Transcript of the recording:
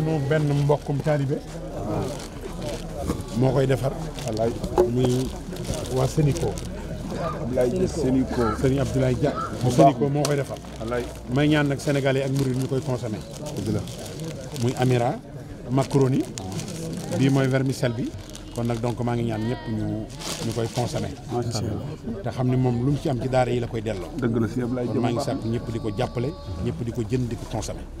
sunu benn mbokkum taalibe moo koy defar wallaay muy waa Sénico Abdoulaye Dia Sénico Serigne Abdoulaye Dia mu Sénico moo koy defar wallaay may ñaan nag sénégalais ak murid ñu koy consommé muy amira macaroni bii mooy vermicelle bi kon nag donc maa ngi ñaan ñëpp ñu ñu koy consommé te xam ne moom lu mu ci am ci daara yi la koy delloo dëgg la si Abdoulaye Dia maa ngi sàkk ñëpp di ko jàppale ñëpp di ko jën di ko consommé